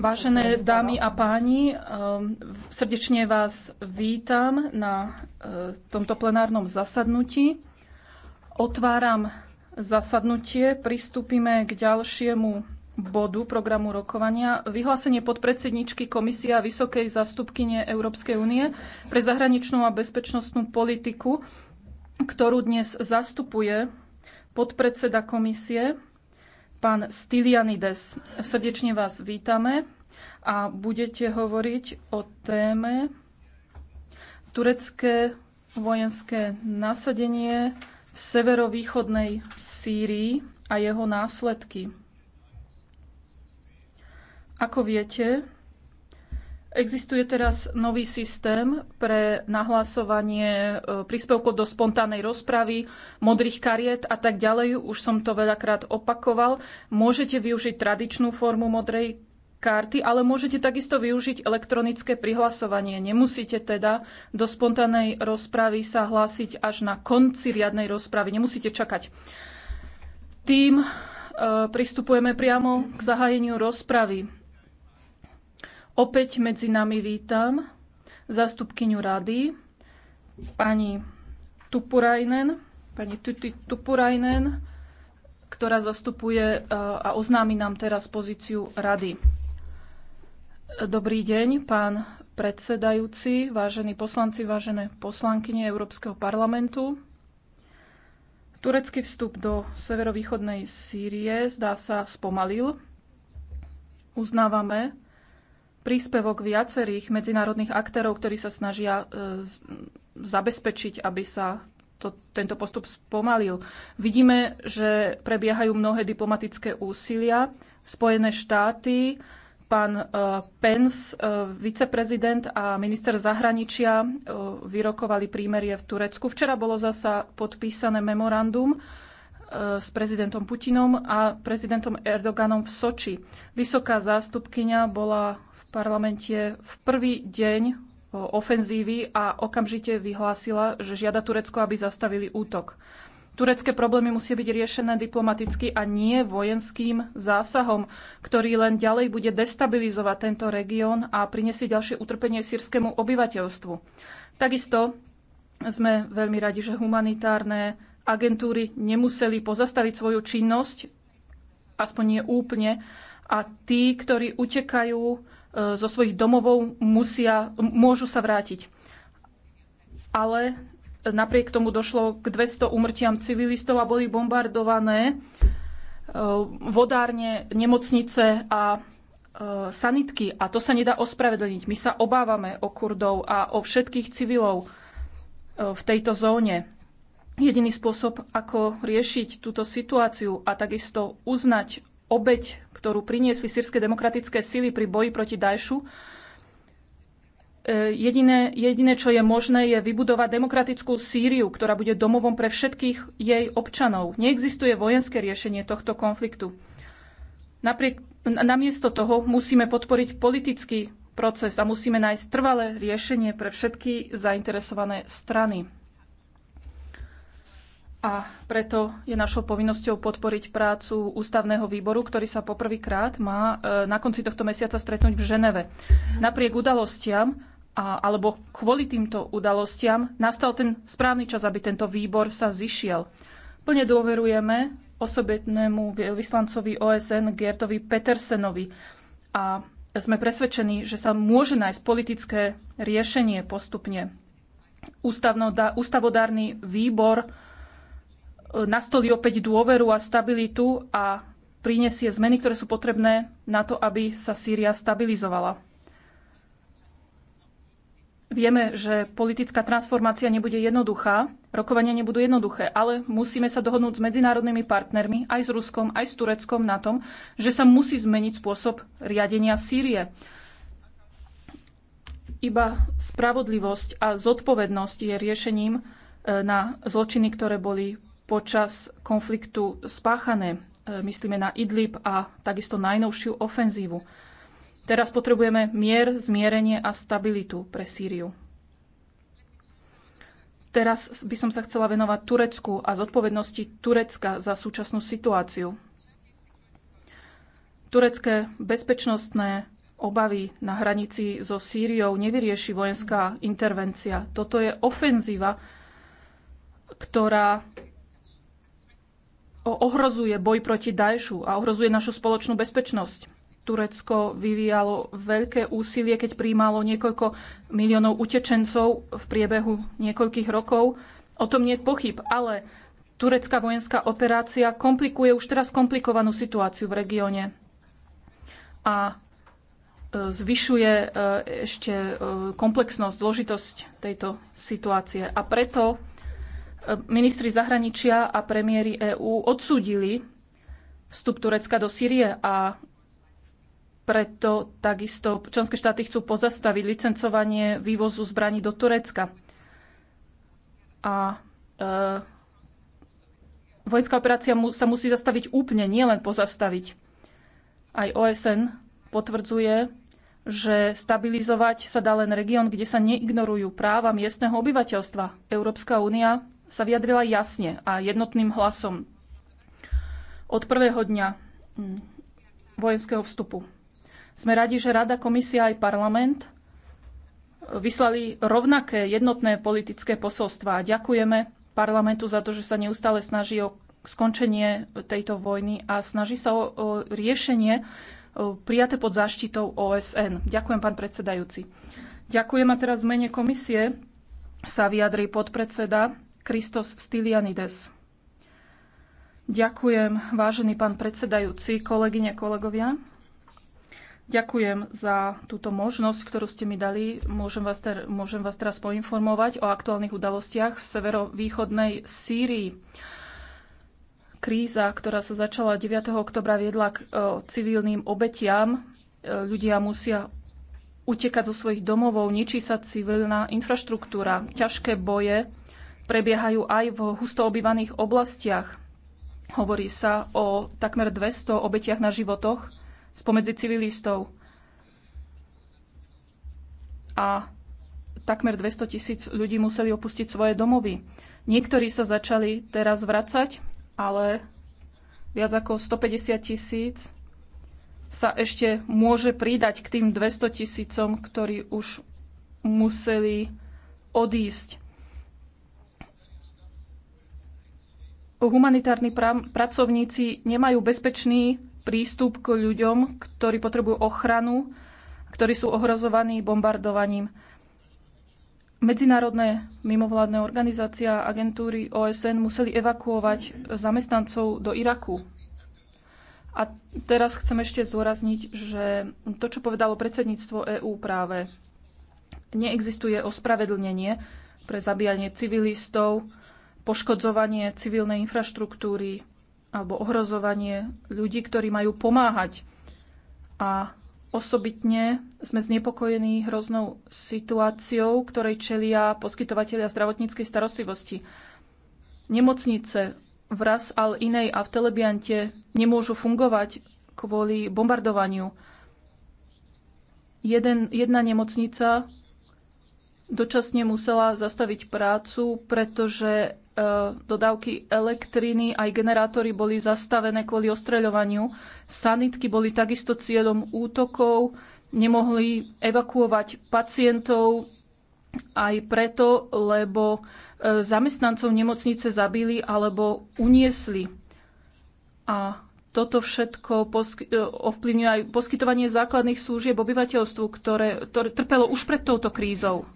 Vážené dámy a páni, ehm, srdečne vás vítam na eh, tomto plenárnom zasadnutí. Otváram zasadnutie, pristúpime k ďalšiemu bodu programu rokovania. Vyhlásenie podpredsedničky Komisia Vysokej zastupkyne Európskej únie pre zahraničnú a bezpečnostnú politiku, ktorú dnes zastupuje podpredseda komisie Pán Stylianides, srdečne vás vítame a budete hovoriť o téme turecké vojenské nasadenie v severovýchodnej Sýrii a jeho následky. Ako viete, Existuje teraz nový systém pre nahlásovanie e, príspevkov do spontánnej rozpravy, modrých kariet a tak ďalej. Už som to veľakrát opakoval. Môžete využiť tradičnú formu modrej karty, ale môžete takisto využiť elektronické prihlasovanie. Nemusíte teda do spontánnej rozpravy sa hlásiť až na konci riadnej rozpravy. Nemusíte čakať. Tým e, pristupujeme priamo k zahájeniu rozpravy. Opäť medzi nami vítam zastupkyňu rady, pani Tupurajnen, pani Tupurajnen, ktorá zastupuje eh, a oznámi nám teraz pozíciu rady. Dobrý deň, pán predsedajúci, vážení poslanci, vážené poslankyne Európskeho parlamentu. Turecký vstup do severovýchodnej Sýrie zdá sa spomalil. Uznávame, príspevok viacerých medzinárodných aktérov, ktorí sa snažia e, zabezpečiť, aby sa to, tento postup spomalil. Vidíme, že prebiehajú mnohé diplomatické úsilia. Spojené štáty, pán e, Pence, e, viceprezident a minister zahraničia vyrokovali prímerie v Turecku. Včera bolo zasa podpísané memorandum s prezidentom Putinom a prezidentom Erdoganom v Soči. Vysoká zástupkyňa bola parlamente v prvý deň ofenzívy a okamžite vyhlásila, že žiada Turecko, aby zastavili útok. Turecké problémy musia byť riešené diplomaticky a nie vojenským zásahom, ktorý len ďalej bude destabilizovať tento región a prinesie ďalšie utrpenie sírskému obyvateľstvu. Takisto sme veľmi radi, že humanitárne agentúry nemuseli pozastaviť svoju činnosť, aspoň nie úplne, a tí, ktorí utekajú E, zo svojich domovov musia, môžu sa vrátiť. Ale napriek tomu došlo k 200 umrtiam civilistov a boli bombardované e, vodárne, nemocnice a e, sanitky. A to sa nedá ospravedlniť. My sa obávame o Kurdov a o všetkých civilov v tejto zóne. Jediný spôsob, ako riešiť túto situáciu a takisto uznať obeď, ktorú priniesli sírske demokratické sily pri boji proti Dajšu. E, jediné, jediné, čo je možné, je vybudovať demokratickú Sýriu, ktorá bude domovom pre všetkých jej občanov. Neexistuje vojenské riešenie tohto konfliktu. Napriek, namiesto toho musíme podporiť politický proces a musíme nájsť trvalé riešenie pre všetky zainteresované strany. A preto je našou povinnosťou podporiť prácu ústavného výboru, ktorý sa poprvýkrát má e, na konci tohto mesiaca stretnúť v Ženeve. Napriek udalostiam, a, alebo kvôli týmto udalostiam, nastal ten správny čas, aby tento výbor sa zišiel. Plne dôverujeme osobitnému vyslancovi OSN Gertovi Petersenovi a sme presvedčení, že sa môže nájsť politické riešenie postupne. Ústavnodá, ústavodárny výbor nastolí opäť dôveru a stabilitu a prinesie zmeny, ktoré sú potrebné na to, aby sa Sýria stabilizovala. Vieme, že politická transformácia nebude jednoduchá, rokovania nebudú jednoduché, ale musíme sa dohodnúť s medzinárodnými partnermi, aj s Ruskom, aj s Tureckom na tom, že sa musí zmeniť spôsob riadenia Sýrie. Iba spravodlivosť a zodpovednosť je riešením eh, na zločiny, ktoré boli počas konfliktu spáchané. E, myslíme na Idlib a takisto najnovšiu ofenzívu. Teraz potrebujeme mier, zmierenie a stabilitu pre Sýriu. Teraz by som sa chcela venovať Turecku a zodpovednosti Turecka za súčasnú situáciu. Turecké bezpečnostné obavy na hranici so Sýriou nevyrieši vojenská intervencia. Toto je ofenzíva, ktorá ohrozuje boj proti Daešu a ohrozuje našu spoločnú bezpečnosť. Turecko vyvíjalo veľké úsilie, keď príjmalo niekoľko miliónov utečencov v priebehu niekoľkých rokov. O tom nie je pochyb, ale turecká vojenská operácia komplikuje už teraz komplikovanú situáciu v regióne a e, zvyšuje e, ešte e, komplexnosť, zložitosť tejto situácie. A preto Ministri zahraničia a premiéry EÚ odsúdili vstup Turecka do Sýrie a preto takisto členské štáty chcú pozastaviť licencovanie vývozu zbraní do Turecka. A e, vojenská operácia mu, sa musí zastaviť úplne, nielen pozastaviť. Aj OSN potvrdzuje, že stabilizovať sa dá len región, kde sa neignorujú práva miestneho obyvateľstva. Európska únia sa vyjadrila jasne a jednotným hlasom od prvého dňa mm, vojenského vstupu. Sme radi, že Rada, Komisia aj parlament e, vyslali rovnaké jednotné politické posolstvá. Ďakujeme parlamentu za to, že sa neustále snaží o skončenie tejto vojny a snaží sa o, riešenie e, prijaté pod záštitou OSN. Ďakujem, pán predsedajúci. Ďakujem a teraz v mene komisie sa vyjadrí podpredseda Kristos Stylianides. Ďakujem, vážený pán predsedajúci, kolegyne, kolegovia. Ďakujem za túto možnosť, ktorú ste mi dali. Môžem vás, ter- môžem vás teraz poinformovať o aktuálnych udalostiach v severovýchodnej Sýrii. Kríza, ktorá sa začala 9. oktobra, viedla k e, civilným obetiam. E, ľudia musia utekať zo svojich domovov, ničí sa civilná infraštruktúra, ťažké boje prebiehajú aj v husto obývaných oblastiach. Hovorí sa o takmer 200 obetiach na životoch spomedzi civilistov. A takmer 200 tisíc ľudí museli opustiť svoje domovy. Niektorí sa začali teraz vracať, ale viac ako 150 tisíc sa ešte môže pridať k tým 200 tisícom, ktorí už museli odísť. humanitárni pra- pracovníci nemajú bezpečný prístup k ľuďom, ktorí potrebujú ochranu, ktorí sú ohrozovaní bombardovaním. Medzinárodné mimovládne organizácia agentúry OSN museli evakuovať zamestnancov do Iraku. A teraz chcem ešte zdôrazniť, že to, čo povedalo predsedníctvo EÚ práve, neexistuje ospravedlnenie pre zabíjanie civilistov, poškodzovanie civilnej infraštruktúry alebo ohrozovanie ľudí, ktorí majú pomáhať. A osobitne sme znepokojení hroznou situáciou, ktorej čelia poskytovateľia zdravotníckej starostlivosti. Nemocnice v Ras al Inej a v Telebiante nemôžu fungovať kvôli bombardovaniu. Jeden, jedna nemocnica dočasne musela zastaviť prácu, pretože E, dodávky elektriny aj generátory boli zastavené kvôli ostreľovaniu. Sanitky boli takisto cieľom útokov, nemohli evakuovať pacientov aj preto, lebo e, zamestnancov nemocnice zabili alebo uniesli. A toto všetko e, ovplyvňuje aj poskytovanie základných služieb obyvateľstvu, ktoré, ktoré trpelo už pred touto krízou.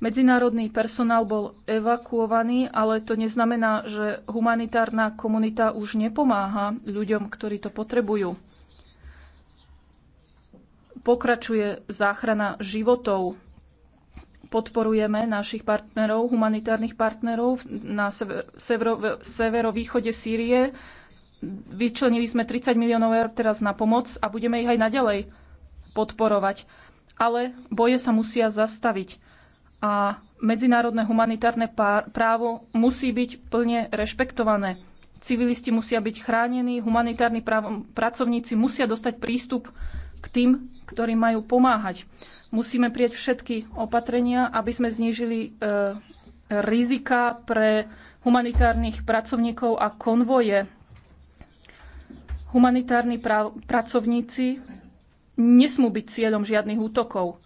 Medzinárodný personál bol evakuovaný, ale to neznamená, že humanitárna komunita už nepomáha ľuďom, ktorí to potrebujú. Pokračuje záchrana životov. Podporujeme našich partnerov, humanitárnych partnerov na severo, severovýchode Sýrie. Vyčlenili sme 30 miliónov eur teraz na pomoc a budeme ich aj naďalej podporovať. Ale boje sa musia zastaviť a medzinárodné humanitárne právo musí byť plne rešpektované. Civilisti musia byť chránení, humanitárni práv- pracovníci musia dostať prístup k tým, ktorí majú pomáhať. Musíme prieť všetky opatrenia, aby sme znížili e, rizika pre humanitárnych pracovníkov a konvoje. Humanitárni pracovníci nesmú byť cieľom žiadnych útokov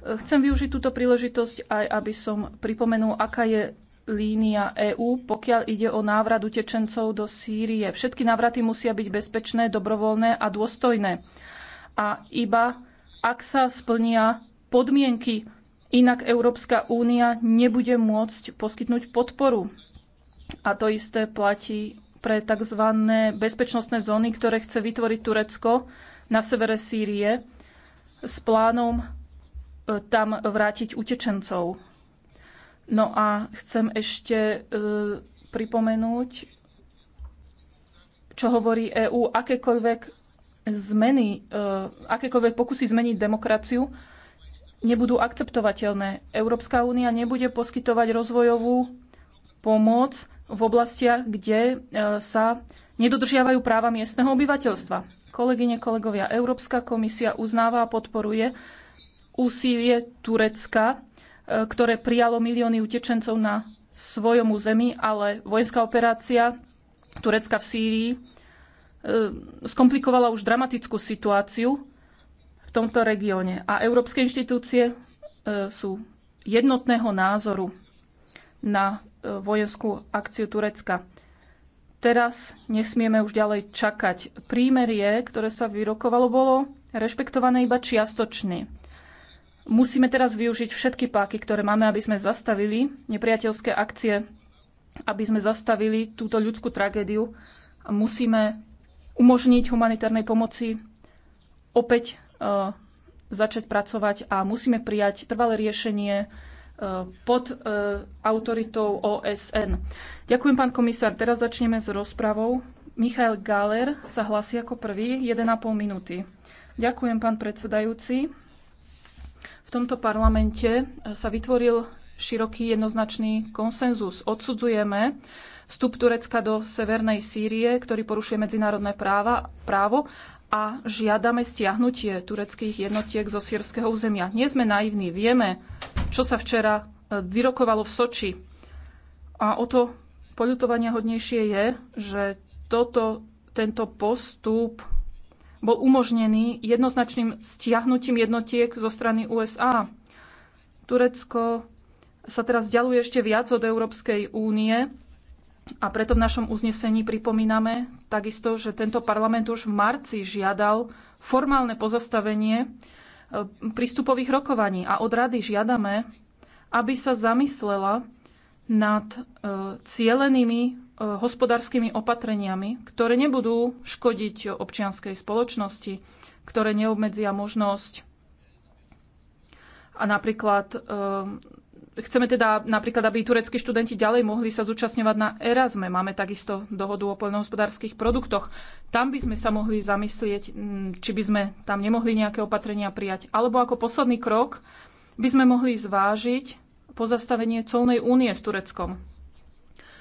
Chcem využiť túto príležitosť aj, aby som pripomenul, aká je línia EÚ, pokiaľ ide o návrat utečencov do Sýrie. Všetky návraty musia byť bezpečné, dobrovoľné a dôstojné. A iba ak sa splnia podmienky, inak Európska únia nebude môcť poskytnúť podporu. A to isté platí pre tzv. bezpečnostné zóny, ktoré chce vytvoriť Turecko na severe Sýrie s plánom tam vrátiť utečencov. No a chcem ešte e, pripomenúť, čo hovorí EÚ, akékoľvek zmeny, e, akékoľvek pokusy zmeniť demokraciu nebudú akceptovateľné. Európska únia nebude poskytovať rozvojovú pomoc v oblastiach, kde e, sa nedodržiavajú práva miestneho obyvateľstva. Kolegyne, kolegovia, Európska komisia uznáva a podporuje úsilie Turecka, e, ktoré prijalo milióny utečencov na svojom území, ale vojenská operácia Turecka v Sýrii e, skomplikovala už dramatickú situáciu v tomto regióne. A európske inštitúcie e, sú jednotného názoru na vojenskú akciu Turecka. Teraz nesmieme už ďalej čakať. Prímerie, ktoré sa vyrokovalo, bolo rešpektované iba čiastočne. Musíme teraz využiť všetky páky, ktoré máme, aby sme zastavili nepriateľské akcie, aby sme zastavili túto ľudskú tragédiu. A musíme umožniť humanitárnej pomoci opäť e, začať pracovať a musíme prijať trvalé riešenie e, pod e, autoritou OSN. Ďakujem, pán komisár. Teraz začneme s rozpravou. Michael Galer sa hlasí ako prvý, 1,5 minúty. Ďakujem, pán predsedajúci. V tomto parlamente e, sa vytvoril široký jednoznačný konsenzus. Odsudzujeme vstup Turecka do severnej Sýrie, ktorý porušuje medzinárodné práva, právo a žiadame stiahnutie tureckých jednotiek zo sírskeho územia. Nie sme naivní, vieme, čo sa včera e, vyrokovalo v Soči. A o to poľutovania hodnejšie je, že toto, tento postup bol umožnený jednoznačným stiahnutím jednotiek zo strany USA. Turecko sa teraz ďaluje ešte viac od Európskej únie a preto v našom uznesení pripomíname takisto, že tento parlament už v marci žiadal formálne pozastavenie e, prístupových rokovaní a od rady žiadame, aby sa zamyslela nad e, cielenými E, hospodárskymi opatreniami, ktoré nebudú škodiť občianskej spoločnosti, ktoré neobmedzia možnosť a napríklad e, chceme teda napríklad, aby tureckí študenti ďalej mohli sa zúčastňovať na Erasme. Máme takisto dohodu o poľnohospodárskych produktoch. Tam by sme sa mohli zamyslieť, či by sme tam nemohli nejaké opatrenia prijať. Alebo ako posledný krok by sme mohli zvážiť pozastavenie colnej únie s Tureckom.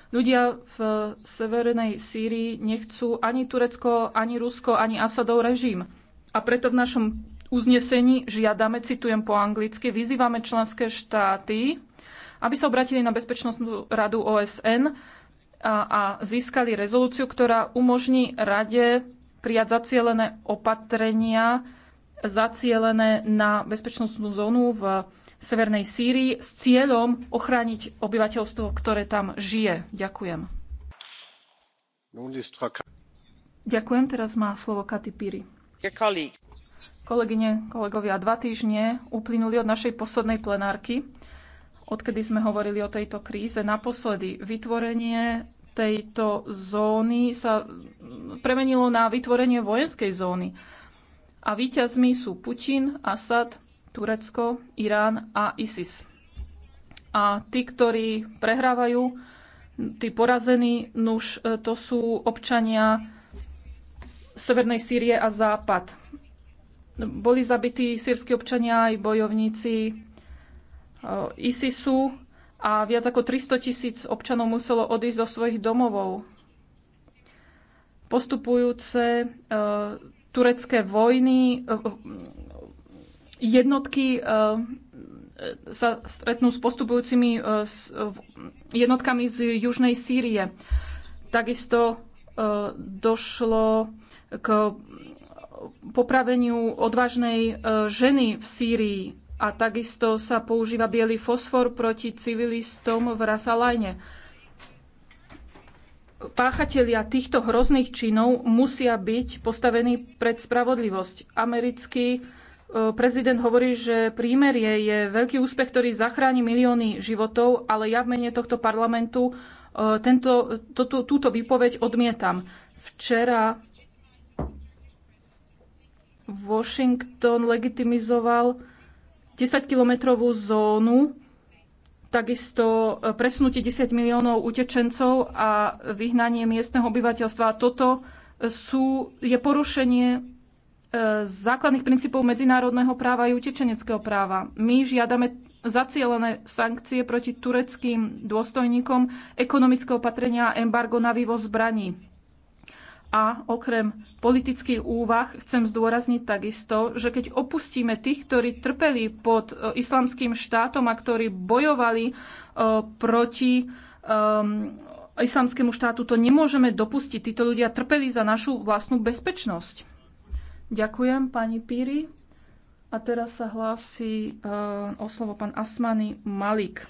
Ľudia v severnej Sýrii nechcú ani Turecko, ani Rusko, ani Asadov režim. A preto v našom uznesení žiadame, citujem po anglicky, vyzývame členské štáty, aby sa obratili na Bezpečnostnú radu OSN a, a získali rezolúciu, ktorá umožní rade prijať zacielené opatrenia zacielené na bezpečnostnú zónu v Severnej Sýrii s cieľom ochrániť obyvateľstvo, ktoré tam žije. Ďakujem. Ďakujem, teraz má slovo Katy Piri. Kolegyne, kolegovia, dva týždne uplynuli od našej poslednej plenárky, odkedy sme hovorili o tejto kríze. Naposledy vytvorenie tejto zóny sa premenilo na vytvorenie vojenskej zóny. A víťazmi sú Putin, Asad Turecko, Irán a ISIS. A tí, ktorí prehrávajú, tí porazení, nuž e, to sú občania Severnej Sýrie a Západ. Boli zabití sírsky občania aj bojovníci e, ISISu a viac ako 300 tisíc občanov muselo odísť zo svojich domovov. Postupujúce e, turecké vojny jednotky eh, sa stretnú s postupujúcimi eh, jednotkami z južnej Sýrie. Takisto eh, došlo k popraveniu odvážnej ženy v Sýrii a takisto sa používa biely fosfor proti civilistom v Rasalajne. Páchatelia týchto hrozných činov musia byť postavení pred spravodlivosť. Americký Eh, prezident hovorí, že prímerie je veľký úspech, ktorý zachráni milióny životov, ale ja v mene tohto parlamentu eh, tento, to, túto výpoveď odmietam. Včera Washington legitimizoval 10-kilometrovú zónu, takisto eh, presnutie 10 miliónov utečencov a vyhnanie miestneho obyvateľstva. Toto sú, je porušenie z e, základných princípov medzinárodného práva a utečeneckého práva. My žiadame zacielené sankcie proti tureckým dôstojníkom, ekonomické opatrenia, a embargo na vývoz zbraní. A okrem politických úvah chcem zdôrazniť takisto, že keď opustíme tých, ktorí trpeli pod e, islamským štátom a ktorí bojovali e, proti ehm, islamskému štátu, to nemôžeme dopustiť. Títo ľudia trpeli za našu vlastnú bezpečnosť. Ďakujem pani Píri. A teraz sa hlási eh, o slovo pán Asmany Malik.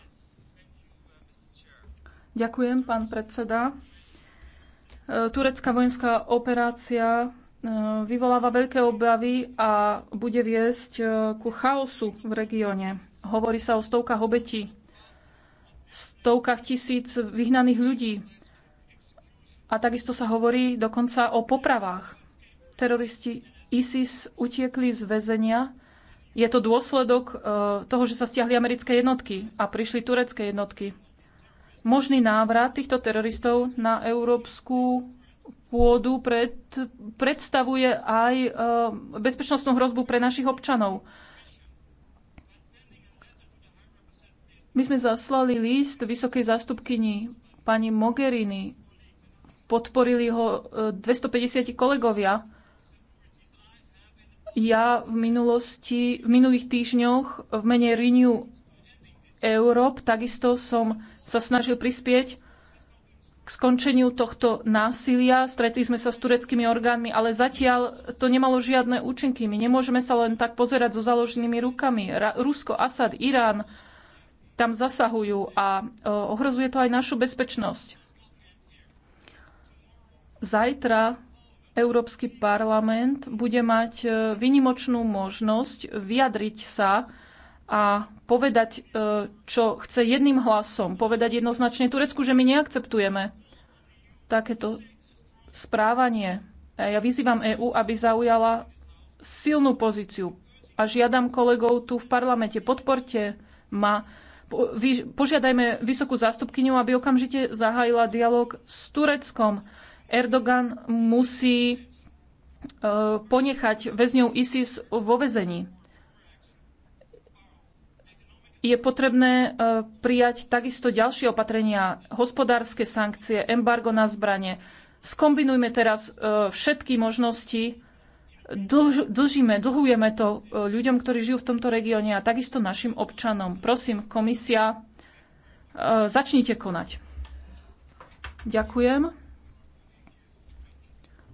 Ďakujem, pán predseda. Eh, turecká vojenská operácia eh, vyvoláva veľké obavy a bude viesť ku chaosu v regióne. Hovorí sa o stovkách obetí, stovkách tisíc vyhnaných ľudí. A takisto sa hovorí dokonca o popravách. Teroristi ISIS utiekli z väzenia. Je to dôsledok e, toho, že sa stiahli americké jednotky a prišli turecké jednotky. Možný návrat týchto teroristov na európsku pôdu pred, predstavuje aj e, bezpečnostnú hrozbu pre našich občanov. My sme zaslali list vysokej zástupkyni pani Mogherini. Podporili ho 250 e, kolegovia. Ja v minulosti, v minulých týždňoch v mene Renew Europe takisto som sa snažil prispieť k skončeniu tohto násilia. Stretli sme sa s tureckými orgánmi, ale zatiaľ to nemalo žiadne účinky. My nemôžeme sa len tak pozerať so založenými rukami. Rusko, Asad, Irán tam zasahujú a e, ohrozuje to aj našu bezpečnosť. Zajtra Európsky parlament bude mať e, vynimočnú možnosť vyjadriť sa a povedať, e, čo chce jedným hlasom, povedať jednoznačne Turecku, že my neakceptujeme takéto správanie. A Ja vyzývam EÚ, aby zaujala silnú pozíciu a žiadam kolegov tu v parlamente, podporte ma, požiadajme vysokú zástupkyňu, aby okamžite zahájila dialog s Tureckom Erdogan musí e, ponechať väzňov ISIS vo väzení. Je potrebné e, prijať takisto ďalšie opatrenia, hospodárske sankcie, embargo na zbranie. Skombinujme teraz e, všetky možnosti. dlžíme, dlhujeme to ľuďom, ktorí žijú v tomto regióne a takisto našim občanom. Prosím, komisia, začnite konať. Ďakujem.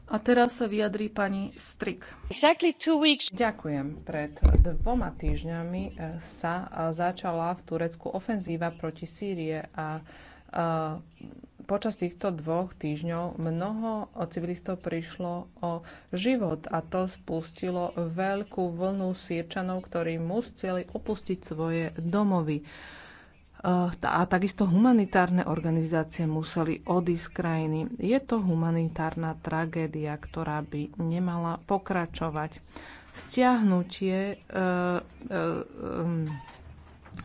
A teraz sa vyjadrí pani Strik. Exactly Ďakujem. Pred dvoma týždňami eh, sa eh, začala v Turecku ofenzíva proti Sýrie a eh, počas týchto dvoch týždňov mnoho civilistov prišlo o život a to spustilo veľkú vlnu sírčanov, ktorí museli opustiť svoje domovy. Eh, a takisto humanitárne organizácie museli odísť z krajiny. Je to humanitárna tragédia, ktorá by nemala pokračovať. Stiahnutie e, e,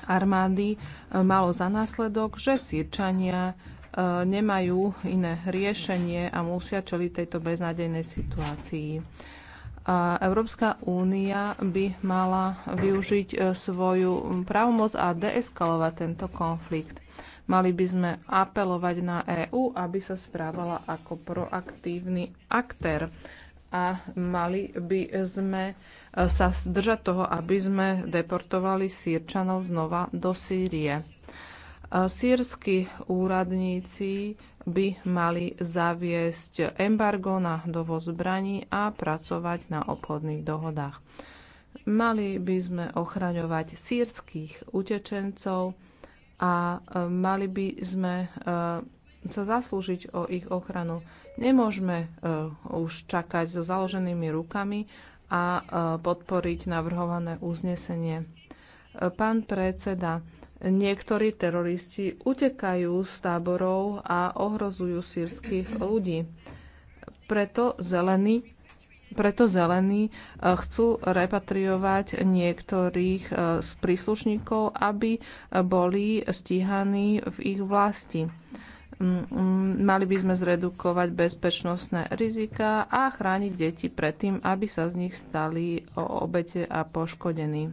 armády malo za následok, že Sýrčania e, nemajú iné riešenie a musia čeliť tejto beznádejnej situácii a Európska únia by mala využiť e, svoju právomoc a deeskalovať tento konflikt. Mali by sme apelovať na EÚ, aby sa správala ako proaktívny aktér a mali by sme e, sa zdržať toho, aby sme deportovali Sýrčanov znova do Sýrie. E, Sýrsky úradníci by mali zaviesť embargo na dovoz zbraní a pracovať na obchodných dohodách. Mali by sme ochraňovať sírskych utečencov a e, mali by sme e, sa zaslúžiť o ich ochranu. Nemôžeme e, už čakať so založenými rukami a podporiť navrhované uznesenie. Pán predseda, Niektorí teroristi utekajú z táborov a ohrozujú sírskych ľudí. Preto zelení preto zelení eh, chcú repatriovať niektorých eh, z príslušníkov, aby eh, boli stíhaní v ich vlasti. Mm, mali by sme zredukovať bezpečnostné rizika a chrániť deti pred tým, aby sa z nich stali obete a poškodení.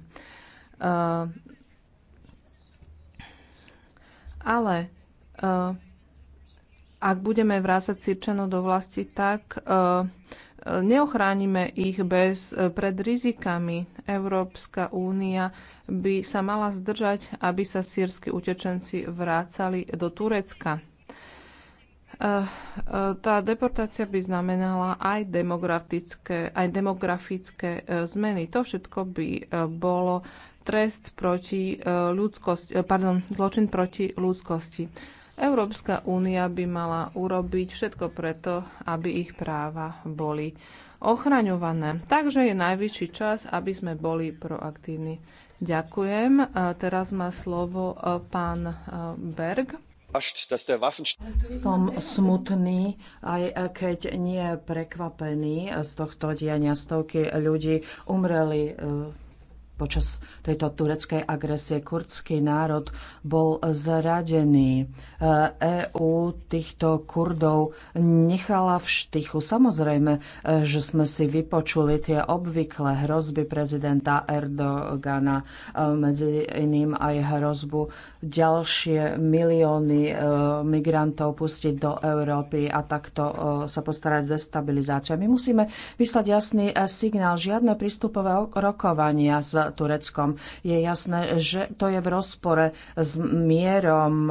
Ale e, ak budeme vrácať Sirčano do vlasti, tak e, e, neochránime ich bez, pred rizikami. Európska únia by sa mala zdržať, aby sa sírsky utečenci vrácali do Turecka. Tá deportácia by znamenala aj demografické, aj demografické zmeny. To všetko by bolo trest proti e, ľudskosti, e, pardon, zločin proti ľudskosti. Európska únia by mala urobiť všetko preto, aby ich práva boli ochraňované. Takže je najvyšší čas, aby sme boli proaktívni. Ďakujem. E, teraz má slovo pán Berg. Som smutný, aj keď nie prekvapený z tohto diania. Stovky ľudí umreli počas tejto tureckej agresie kurdský národ bol zradený. EÚ e týchto Kurdov nechala v štychu. Samozrejme, e, že sme si vypočuli tie obvyklé hrozby prezidenta Erdogana, e, medzi iným aj hrozbu, ďalšie milióny e, migrantov pustiť do Európy a takto e, sa postarať o destabilizáciu. My musíme vyslať jasný e, signál, žiadne prístupové rokovania s Tureckom. Je jasné, že to je v rozpore s mierom.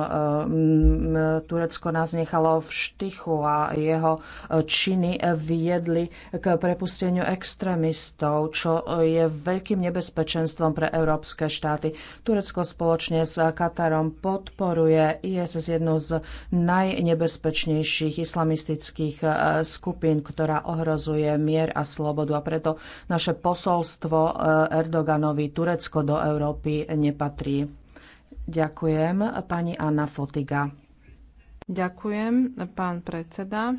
Turecko nás nechalo v štychu a jeho činy viedli k prepusteniu extrémistov, čo je veľkým nebezpečenstvom pre európske štáty. Turecko spoločne s Katar Katarom podporuje ISS jednu z najnebezpečnejších islamistických e, skupín, ktorá ohrozuje mier a slobodu. A preto naše posolstvo e, Erdoganovi Turecko do Európy nepatrí. Ďakujem, pani Anna Fotiga. Ďakujem, pán predseda.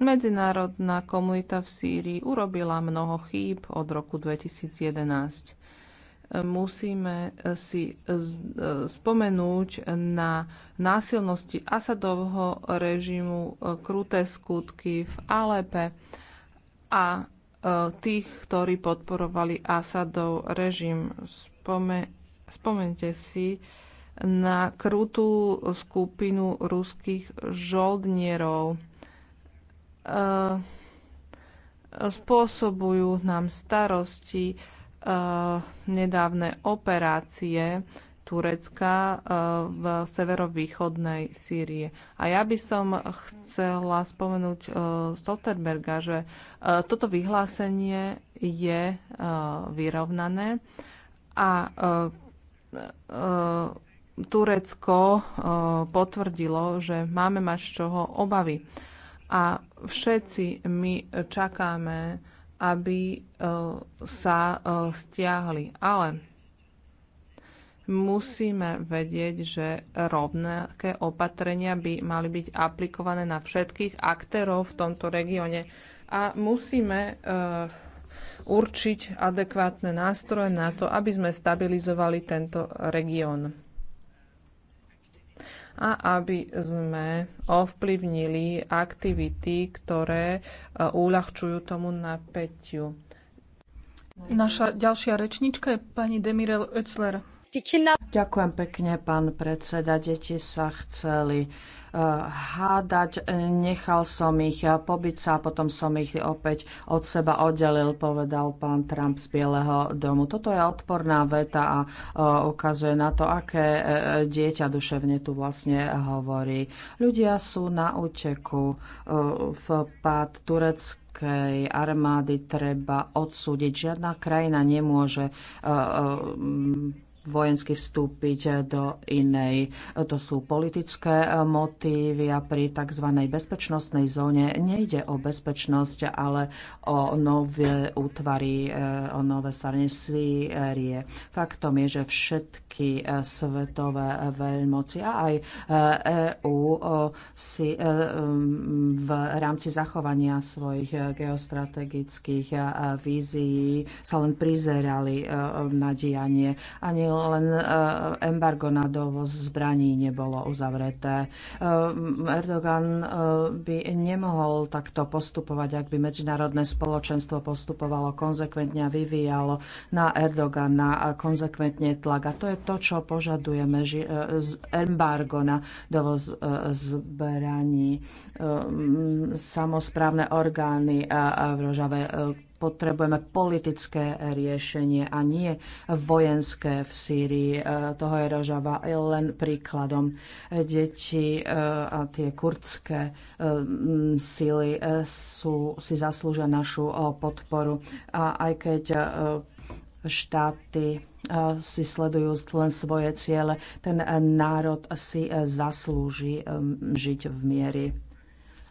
Medzinárodná komunita v Sýrii urobila mnoho chýb od roku 2011. Musíme eh, si eh, eh, spomenúť na násilnosti Asadovho režimu, kruté skutky v Alepe a tých, ktorí podporovali Asadov režim. Spome, spomente si na krutú skupinu ruských žoldnierov. E, spôsobujú nám starosti, Eh, nedávne operácie Turecka eh, v severovýchodnej Sýrie. A ja by som chcela spomenúť eh, Stoltenberga, že toto vyhlásenie je vyrovnané a Turecko potvrdilo, že máme mať z čoho obavy. A všetci my čakáme aby eh, sa eh, stiahli. Ale musíme vedieť, že rovnaké opatrenia by mali byť aplikované na všetkých aktérov v tomto regióne a musíme eh, určiť adekvátne nástroje na to, aby sme stabilizovali tento región a aby sme ovplyvnili aktivity, ktoré e, uľahčujú tomu napätiu. Naša ďalšia rečnička je pani Demirel Oetzler. Ďakujem pekne, pán predseda. Deti sa chceli eh, hádať, nechal som ich eh, pobiť sa, potom som ich opäť od seba oddelil, povedal pán Trump z Bieleho domu. Toto je odporná veta a eh, ukazuje na to, aké dieťa duševne tu vlastne hovorí. Ľudia sú na úteku. Vpád Turecka armády treba odsúdiť. Žiadna krajina nemôže uh, uh, vojensky vstúpiť do inej. To sú politické motívy a pri tzv. bezpečnostnej zóne nejde o bezpečnosť, ale o nové útvary, eh, o nové strany Sýrie. Faktom je, že všetky eh, svetové veľmoci a aj EÚ eh, e si v rámci zachovania svojich geostrategických vízií sa len prizerali na dianie a nie len e, embargo na dovoz zbraní nebolo uzavreté. E, Erdogan e, by nemohol takto postupovať, ak by medzinárodné spoločenstvo postupovalo konzekventne a vyvíjalo na Erdogana konzekventne tlak. A to je to, čo požadujeme, embargo na dovoz zbraní. Samozprávne orgány v Rožave potrebujeme politické riešenie a nie vojenské v Sýrii. E, toho je Rožava len príkladom. E, deti e, a tie kurdské síly sú, si zaslúžia našu podporu. A aj keď štáty si sledujú len svoje ciele, ten národ si zaslúži žiť v miery.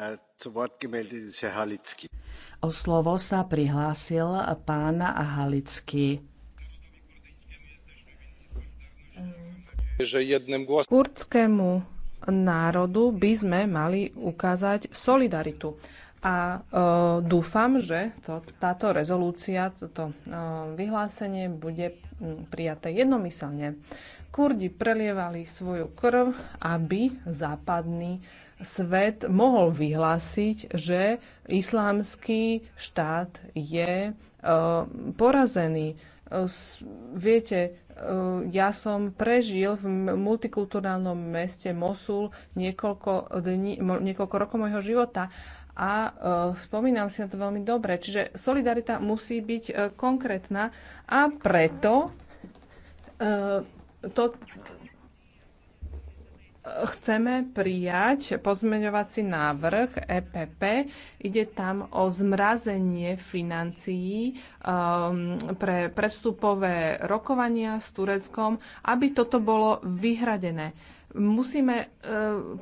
Eh, o slovo sa prihlásil pán Halický. Kurdskému národu by sme mali ukázať solidaritu. A e, dúfam, že to, táto rezolúcia, toto e, vyhlásenie bude prijaté jednomyselne. Kurdi prelievali svoju krv, aby západní svet mohol vyhlásiť, že islámsky štát je e, porazený. E, viete, e, ja som prežil v multikulturálnom meste Mosul niekoľko, dní, niekoľko rokov mojho života a spomínam si na to veľmi dobre. Čiže solidarita musí byť konkrétna a preto to chceme prijať pozmeňovací návrh EPP. Ide tam o zmrazenie financií um, pre predstupové rokovania s Tureckom, aby toto bolo vyhradené. Musíme e,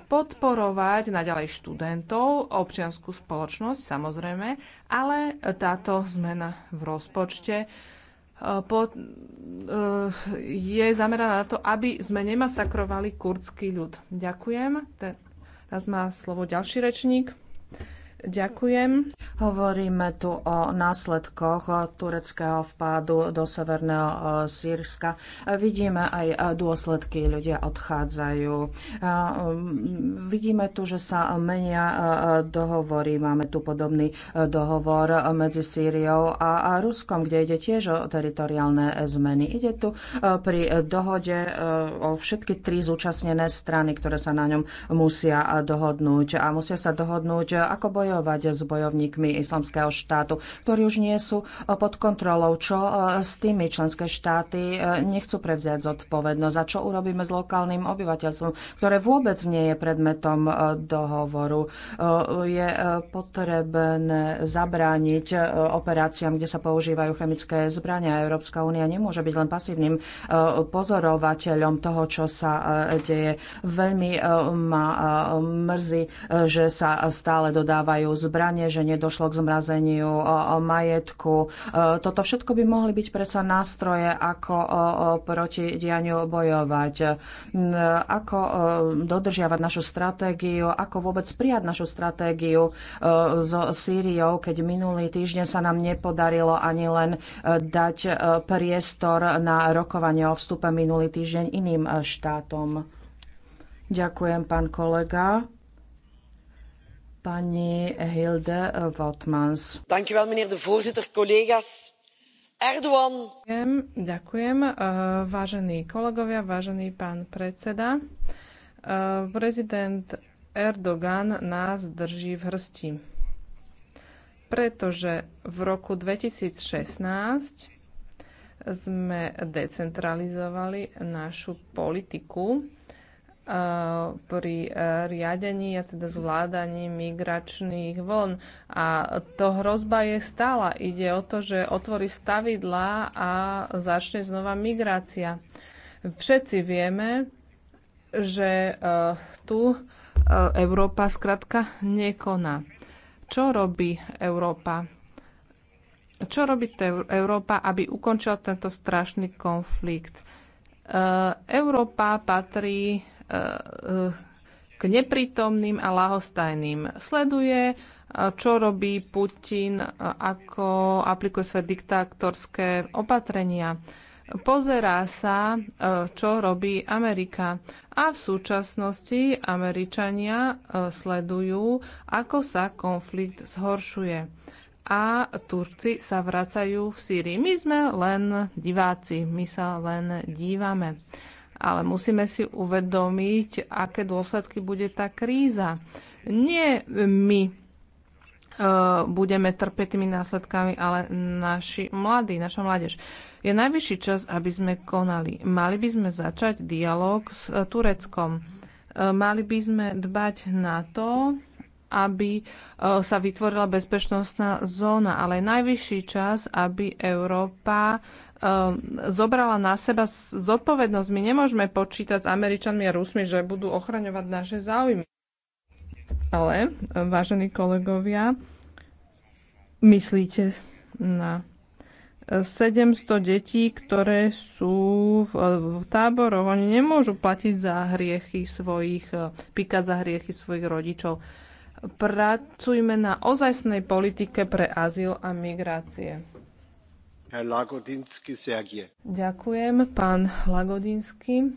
podporovať naďalej študentov, občianskú spoločnosť samozrejme, ale táto zmena v rozpočte uh, Eh, po, eh, je zameraná na to, aby sme nemasakrovali kurdský ľud. Ďakujem. Teraz má slovo ďalší rečník. Ďakujem. Hovoríme tu o následkoch tureckého vpádu do severného e, Sýrska. Vidíme aj e, dôsledky, ľudia odchádzajú. E, vidíme tu, že sa menia dohovory. Máme tu podobný dohovor medzi Sýriou a Ruskom, kde ide tiež o teritoriálne zmeny. Ide tu pri dohode o všetky tri zúčastnené strany, ktoré sa na ňom musia dohodnúť a musia sa dohodnúť, ako bojujú bojovať s bojovníkmi islamského štátu, ktorí už nie sú pod kontrolou. Čo e, s tými členské štáty e, nechcú prevziať zodpovednosť a čo urobíme s lokálnym obyvateľstvom, ktoré vôbec nie je predmetom e, dohovoru. Je potrebné zabrániť operáciám, kde sa používajú chemické zbrania. Európska únia nemôže byť len pasívnym pozorovateľom toho, čo sa deje. Veľmi ma mrzí, že sa stále dodávajú predávajú zbranie, že nedošlo k zmrazeniu majetku. E, toto všetko by mohli byť predsa nástroje, ako proti dianiu bojovať, e, ako e, dodržiavať našu stratégiu, ako vôbec prijať našu stratégiu so Sýriou, keď minulý týždeň sa nám nepodarilo ani len dať priestor na rokovanie o vstupe minulý týždeň iným štátom. Ďakujem, pán kolega pani Hilde Wotmans. Erdogan. Ďakujem, ďakujem. Eh, vážení kolegovia, vážený pán predseda. Eh, prezident Erdogan nás drží v hrsti, pretože v roku 2016 sme decentralizovali našu politiku Eh, pri eh, riadení a teda zvládaní migračných vln. A to hrozba je stála. Ide o to, že otvorí stavidla a začne znova migrácia. Všetci vieme, že eh, tu Európa skratka nekoná. Čo robí Európa? Čo robí Európa, aby ukončila tento strašný konflikt? Európa patrí k neprítomným a lahostajným. Sleduje, čo robí Putin, ako aplikuje svoje diktátorské opatrenia. Pozerá sa, čo robí Amerika. A v súčasnosti Američania e, sledujú, ako sa konflikt zhoršuje. A Turci sa vracajú v Sýrii. My sme len diváci, my sa len dívame ale musíme si uvedomiť, aké dôsledky bude tá kríza. Nie my e, budeme trpieť tými následkami, ale naši mladí, naša mládež. Je najvyšší čas, aby sme konali. Mali by sme začať dialog s e, Tureckom. E, mali by sme dbať na to, aby e, sa vytvorila bezpečnostná zóna, ale je najvyšší čas, aby Európa e, zobrala na seba zodpovednosť. My nemôžeme počítať s Američanmi a Rusmi, že budú ochraňovať naše záujmy. Ale, e, vážení kolegovia, myslíte na 700 detí, ktoré sú v, v táboroch. Oni nemôžu platiť za hriechy svojich, píkať za hriechy svojich rodičov. Pracujme na ozajstnej politike pre azyl a migrácie. Ďakujem, pán Lagodinsky.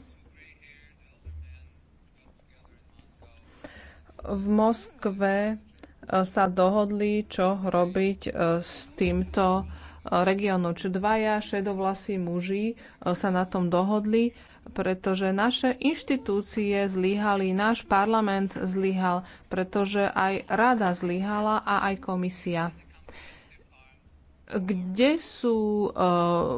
V Moskve e, sa dohodli, čo robiť e, s týmto e, regiónom. Čiže dvaja šedovlasí muži sa na tom dohodli pretože naše inštitúcie zlyhali, náš parlament zlyhal, pretože aj rada zlyhala a aj komisia kde sú e,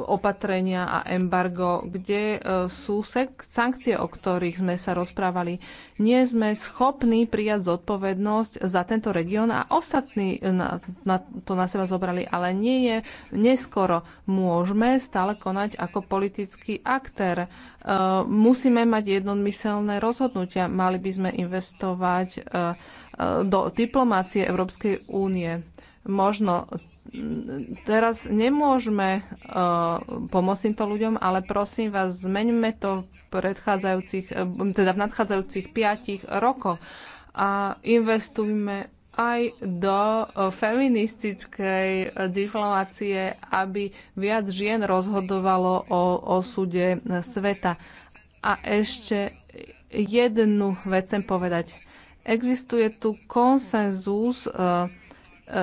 opatrenia a embargo, kde e, sú sankcie, o ktorých sme sa rozprávali. Nie sme schopní prijať zodpovednosť za tento región a ostatní na, na, to na seba zobrali, ale nie je neskoro. Môžeme stále konať ako politický aktér. E, musíme mať jednomyselné rozhodnutia. Mali by sme investovať do diplomácie Európskej únie možno teraz nemôžeme e, pomôcť týmto ľuďom, ale prosím vás, zmeňme to v, predchádzajúcich, e, teda v nadchádzajúcich piatich rokoch a investujme aj do e, feministickej diplomácie, aby viac žien rozhodovalo o osude sveta. A ešte jednu vec chcem povedať. Existuje tu konsenzus uh, E,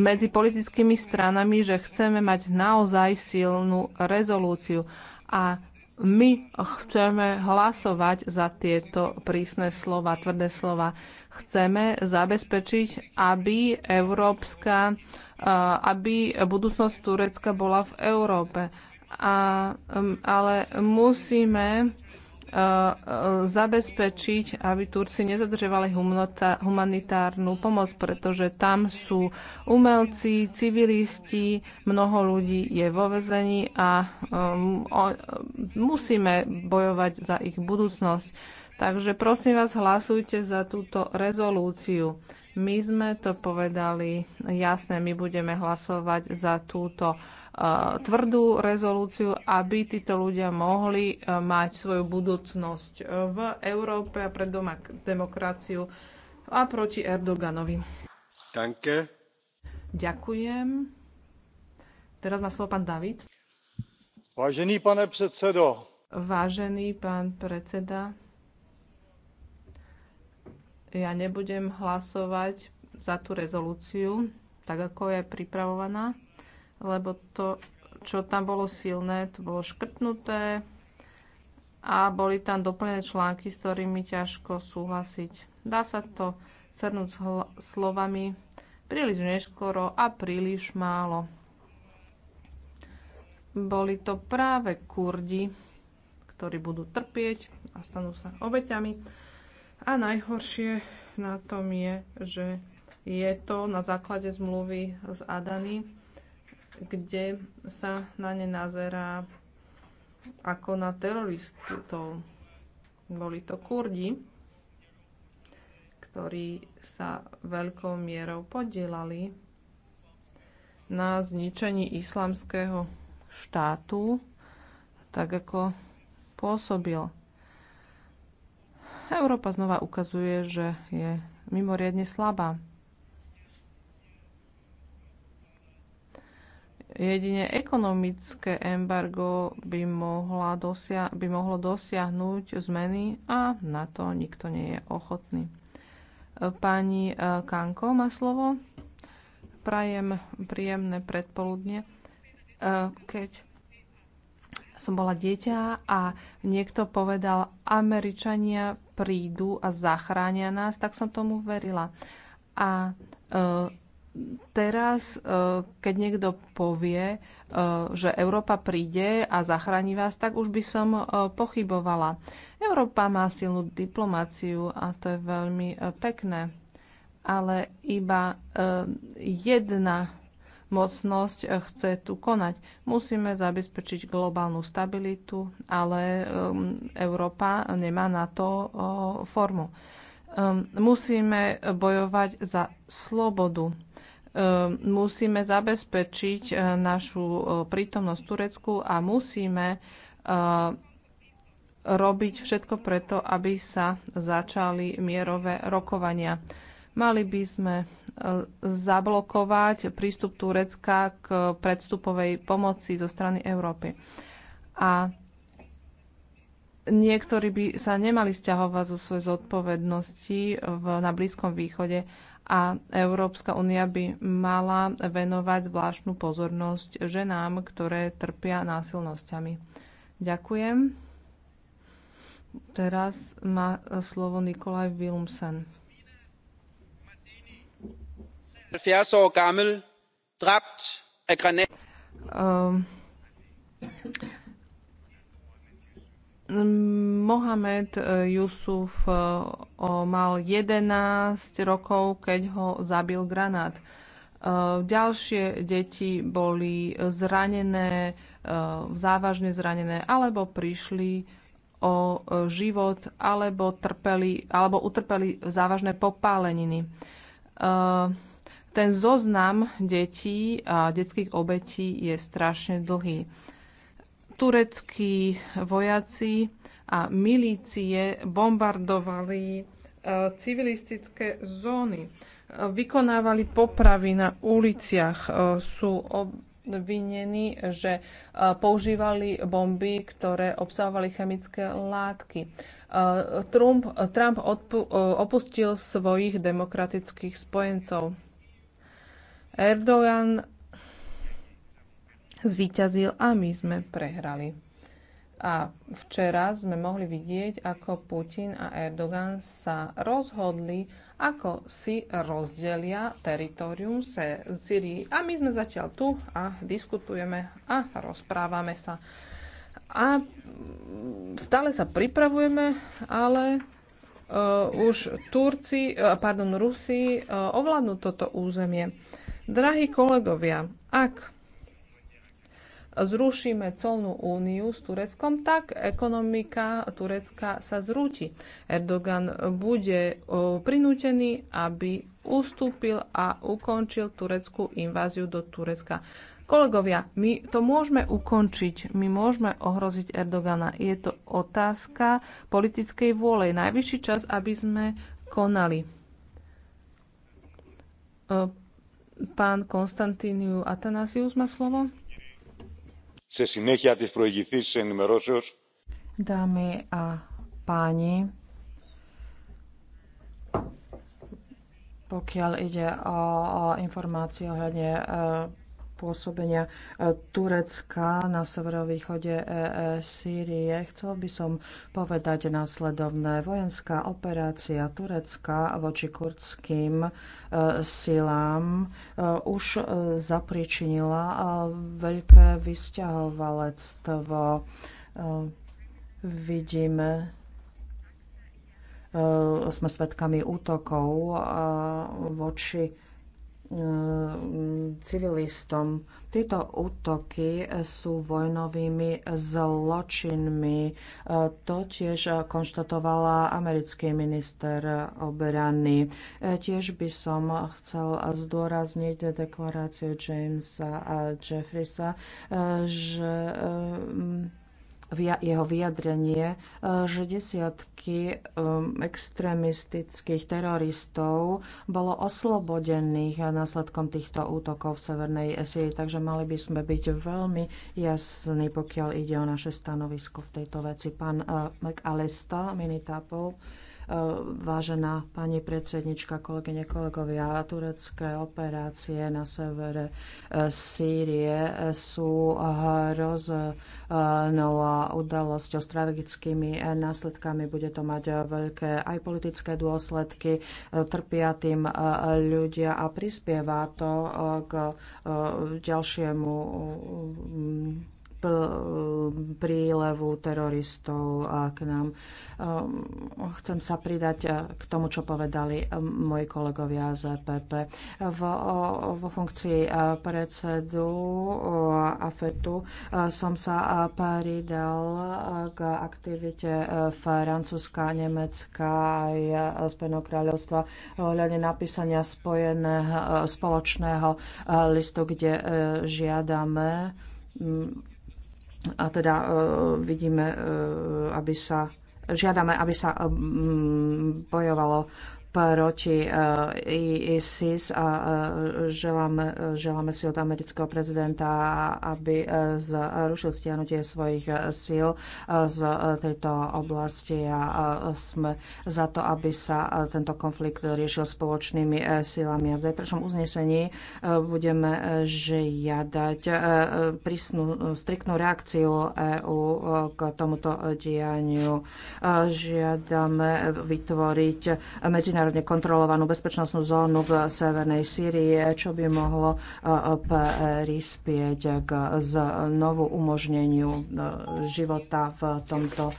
medzi politickými stranami, že chceme mať naozaj silnú rezolúciu. A my chceme hlasovať za tieto prísne slova, tvrdé slova. Chceme zabezpečiť, aby európska, e, aby budúcnosť Turecka bola v Európe. A, ale musíme Eh, zabezpečiť, aby Turci nezadržovali humanitárnu pomoc, pretože tam sú umelci, civilisti, mnoho ľudí je vo vezení a ehm, musíme bojovať za ich budúcnosť. Takže prosím vás, hlasujte za túto rezolúciu. My sme to povedali jasne, my budeme hlasovať za túto uh, tvrdú rezolúciu, aby títo ľudia mohli uh, mať svoju budúcnosť v Európe a pre doma demokraciu a proti Erdoganovi. Danke. Ďakujem. Teraz má slovo pán David. Vážený pane predsedo. Vážený pán predseda ja nebudem hlasovať za tú rezolúciu, tak ako je pripravovaná, lebo to, čo tam bolo silné, to bolo škrtnuté a boli tam doplnené články, s ktorými ťažko súhlasiť. Dá sa to shrnúť slovami príliš neskoro a príliš málo. Boli to práve Kurdi, ktorí budú trpieť a stanú sa obeťami a najhoršie na tom je, že je to na základe zmluvy z Adany, kde sa na ne nazerá ako na teroristov. Boli to Kurdi, ktorí sa veľkou mierou podielali na zničení islamského štátu, tak ako pôsobil. Európa znova ukazuje, že je mimoriadne slabá. Jedine ekonomické embargo by, mohla dosia- by mohlo dosiahnuť zmeny a na to nikto nie je ochotný. Pani eh, Kanko má slovo. Prajem príjemné predpoludne. Eh, keď som bola dieťa a niekto povedal, Američania prídu a zachránia nás, tak som tomu verila. A e, teraz, e, keď niekto povie, e, že Európa príde a zachráni vás, tak už by som pochybovala. Európa má silnú diplomáciu a to je veľmi pekné, ale iba jedna mocnosť eh, chce tu konať. Musíme zabezpečiť globálnu stabilitu, ale ehm, Európa nemá na to eh, formu. Ehm, musíme bojovať za slobodu. Ehm, musíme zabezpečiť eh, našu prítomnosť v Turecku a musíme robiť všetko preto, aby sa začali mierové rokovania. Mali by sme e, zablokovať prístup Turecka k predstupovej pomoci zo strany Európy. A niektorí by sa nemali stiahovať zo svojej zodpovednosti v, na Blízkom východe a Európska únia by mala venovať zvláštnu pozornosť ženám, ktoré trpia násilnosťami. Ďakujem. Teraz má slovo Nikolaj Wilmsen. Mohamed eh, Yusuf eh, mal 11 rokov, keď ho zabil granát. Eh, ďalšie deti boli zranené, závažne zranené, alebo prišli o život, alebo, trpeli, alebo utrpeli závažné popáleniny. Ten zoznam detí a detských obetí je strašne dlhý. Tureckí vojaci a milície bombardovali e, civilistické zóny. E, vykonávali popravy na uliciach, e, sú obvinení, že používali bomby, ktoré obsahovali chemické látky. Trump, Trump opustil svojich demokratických spojencov. Erdogan zvíťazil a my sme prehrali. A včera sme mohli vidieť, ako Putin a Erdogan sa rozhodli, ako si rozdelia teritorium se Syrii. A my sme zatiaľ tu a diskutujeme a rozprávame sa. A stále sa pripravujeme, ale uh, už Turci, uh, pardon, Rusi uh, ovládnu toto územie. Drahí kolegovia, ak zrušíme colnú úniu s Tureckom, tak ekonomika Turecka sa zrúti. Erdogan bude prinútený, aby ustúpil a ukončil tureckú inváziu do Turecka. Kolegovia, my to môžeme ukončiť, my môžeme ohroziť Erdogana. Je to otázka politickej vôle. Najvyšší čas, aby sme konali Pán Konstantíniu Atanasius má slovo. Dámy a páni, pokiaľ ide o, o informácie ohľadne pôsobenia e, Turecka na severovýchode e, e, Sýrie. Chcel by som povedať následovné. Vojenská operácia Turecka voči kurdským silám už zapričinila veľké vysťahovalectvo. Vidíme, sme svedkami útokov voči Eh, civilistom. Tieto útoky sú vojnovými zločinmi. Eh, to tiež konštatovala americký minister obrany. Eh, tiež by som chcel zdôrazniť deklaráciu Jamesa a Jeffrisa, že jeho vyjadrenie, e, že desiatky e, extrémistických teroristov bolo oslobodených následkom týchto útokov v Severnej Sýrii, takže mali by sme byť veľmi jasní, pokiaľ ide o naše stanovisko v tejto veci. Pán e, McAllister, Minitapov. Eh, vážená pani predsednička, kolegyne, kolegovia, turecké operácie na severe eh, Sýrie eh, sú hroznou udalosťou s tragickými následkami. Bude to mať veľké aj politické dôsledky. Trpia tým ľudia a prispieva to k ďalšiemu Um, prílevu teroristov k nám. Um, chcem sa pridať uh, k tomu, čo povedali um, moji kolegovia z PP. Vo funkcii uh, predsedu uh, AFETu som sa pridal k aktivite Francúzska, Nemecka aj Spojeného kráľovstva ohľadne napísania spojeného spoločného listu, kde žiadame a teda e, vidíme, e, aby sa žiadame, aby sa mm, bojovalo proti eh, ISIS a eh, želáme, eh, želáme si od amerického prezidenta, aby zrušil stiahnutie svojich síl z tejto oblasti a sme za to, aby sa tento konflikt riešil spoločnými silami. A v zajtračnom uznesení budeme žiadať prísnu, striktnú reakciu uh, k tomuto dianiu. Žiadame vytvoriť medzinárodnú medzinárodne kontrolovanú bezpečnostnú zónu v Severnej Sýrii, čo by mohlo e, prispieť k znovu umožneniu e, života v tomto e,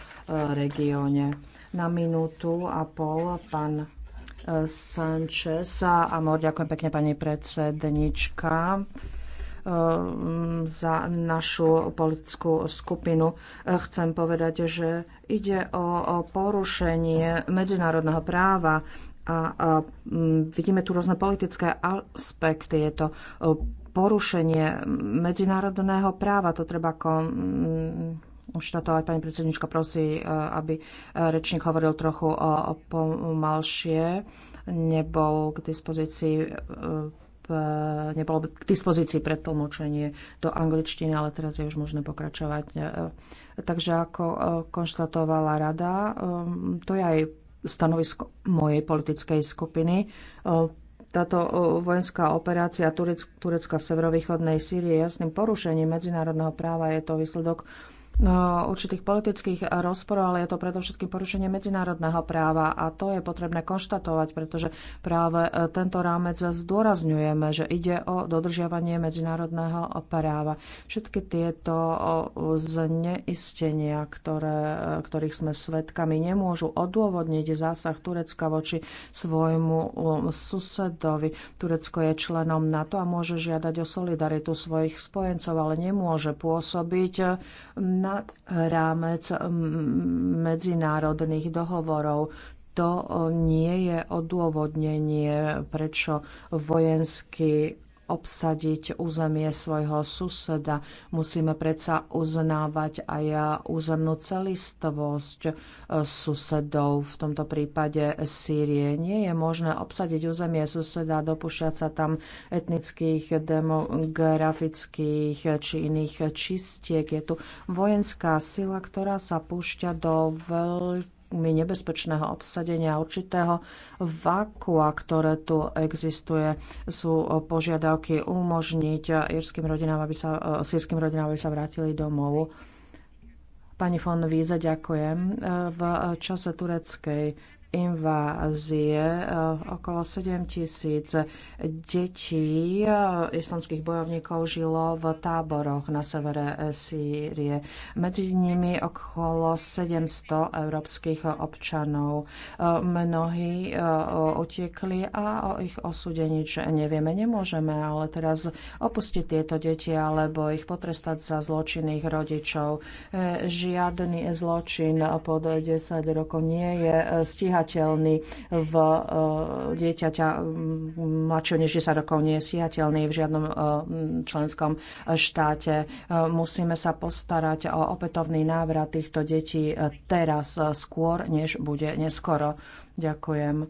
regióne. Na minútu a pol pán Sanchez. Amor, ďakujem pekne pani predsednička za našu politickú skupinu. Chcem povedať, že ide o porušenie medzinárodného práva a vidíme tu rôzne politické aspekty. Je to e, porušenie medzinárodného práva. To treba ako... už táto aj pani predsednička prosí, e, aby e, rečník hovoril trochu o pomalšie. Nebol k dispozícii nebolo k dispozícii pretlmočenie do angličtiny, ale teraz je už možné pokračovať. Takže ako konštatovala rada, to je aj stanovisko mojej politickej skupiny. E, táto e, vojenská operácia Turecka v severovýchodnej Sýrii je jasným porušením medzinárodného práva. Je to výsledok E, určitých politických rozporov, ale je to predovšetkým porušenie medzinárodného práva a to je potrebné konštatovať, pretože práve e, tento rámec zdôrazňujeme, že ide o dodržiavanie medzinárodného práva. Všetky tieto zneistenia, ktoré, e, ktorých sme svedkami, nemôžu odôvodniť zásah Turecka voči svojmu susedovi. Turecko je členom NATO a môže žiadať o solidaritu svojich spojencov, ale nemôže pôsobiť na nad rámec medzinárodných dohovorov. To nie je odôvodnenie, prečo vojenský obsadiť územie svojho suseda. Musíme predsa uznávať aj územnú celistvosť eh, susedov. V tomto prípade Sýrie nie je možné obsadiť územie suseda, dopušťať sa tam etnických, demografických či iných čistiek. Je tu vojenská sila, ktorá sa púšťa do veľkých nebezpečného obsadenia určitého vakua, ktoré tu existuje. Sú požiadavky umožniť írským rodinám, aby sa, e, sírským rodinám, aby sa vrátili domov. Pani von Víze, ďakujem. E, v čase tureckej invázie. Eh, okolo 7 tisíc detí eh, islamských bojovníkov žilo v táboroch na severe eh, Sýrie. Medzi nimi okolo 700 európskych občanov. Mnohí utekli a o ich osude nič nevieme. Nemôžeme ale teraz opustiť tieto deti alebo ich potrestať za zločinných rodičov. Žiadny zločin pod 10 rokov nie je stíhaný stíhateľný, v e, dieťaťa mladšieho než 10 rokov nie je stíhateľný v žiadnom e, členskom štáte. E, musíme sa postarať o opätovný návrat týchto detí teraz, skôr, než bude neskoro. Ďakujem.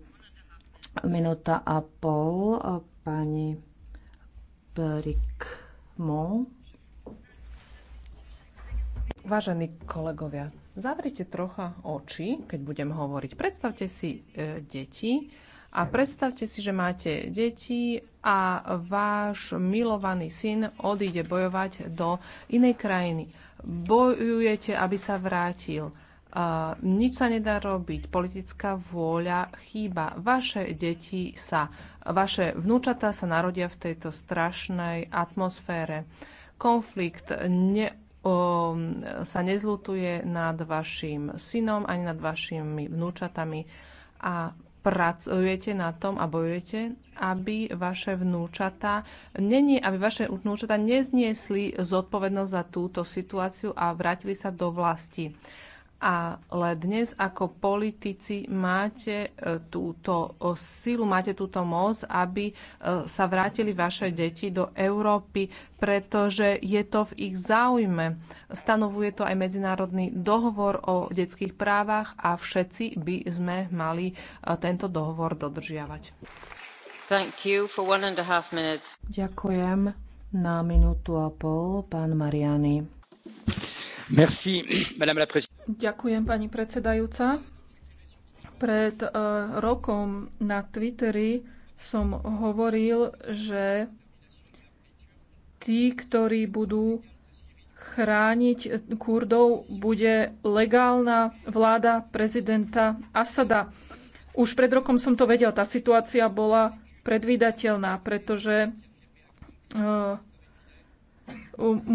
Minúta a pol pani Berikmo. Vážení kolegovia, Zavrite trocha oči, keď budem hovoriť. Predstavte si e, deti a predstavte si, že máte deti a váš milovaný syn odíde bojovať do inej krajiny. Bojujete, aby sa vrátil. E, nič sa nedá robiť, politická vôľa chýba. Vaše deti sa, vaše vnúčatá sa narodia v tejto strašnej atmosfére. Konflikt, ne, Ehm, sa nezlutuje nad vašim synom ani nad vašimi vnúčatami a pracujete na tom a bojujete, aby vaše vnúčata, nenie, aby vaše vnúčata nezniesli zodpovednosť za túto situáciu a vrátili sa do vlasti. Ale dnes ako politici máte e, túto silu, máte túto moc, aby e, sa vrátili vaše deti do Európy, pretože je to v ich záujme. Stanovuje to aj medzinárodný dohovor o detských právach a všetci by sme mali e, tento dohovor dodržiavať. Ďakujem. Na minútu a pol pán Mariani Ďakujem, pani predsedajúca. Pred uh, rokom na Twitteri som hovoril, že tí, ktorí budú chrániť Kurdov, bude legálna vláda prezidenta Asada. Už pred rokom som to vedel, tá situácia bola predvídateľná, pretože uh,